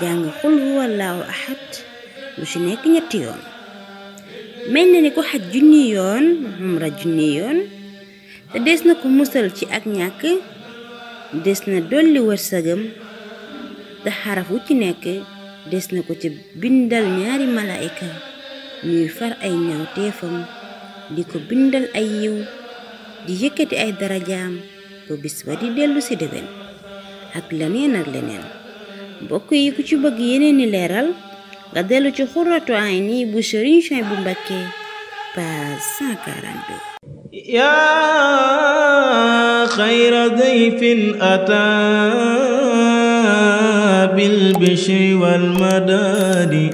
jàng xul huwallaahu ahad lu ci nekk ñetti yoon mel na ni ko xaj junni yoon umra junni yoon te des na ko musal ci ak ñàkk des na dolli wërsëgam te xaraf wu ci nekk des na ko ci bindal ñaari malaayka ñuy far ay ñaw di ko bindal ay yiw di yëkkati ay darajaam ba bis ba di dellu si déwén ak leneen ak leneen mbokk yi ku ci bëgg yeneen leeral nga dellu ci xurratu ayni bu Serigne Souhaïbou Mbacké page 142 yaa xayra dayfin ataa bil bishri wal madadi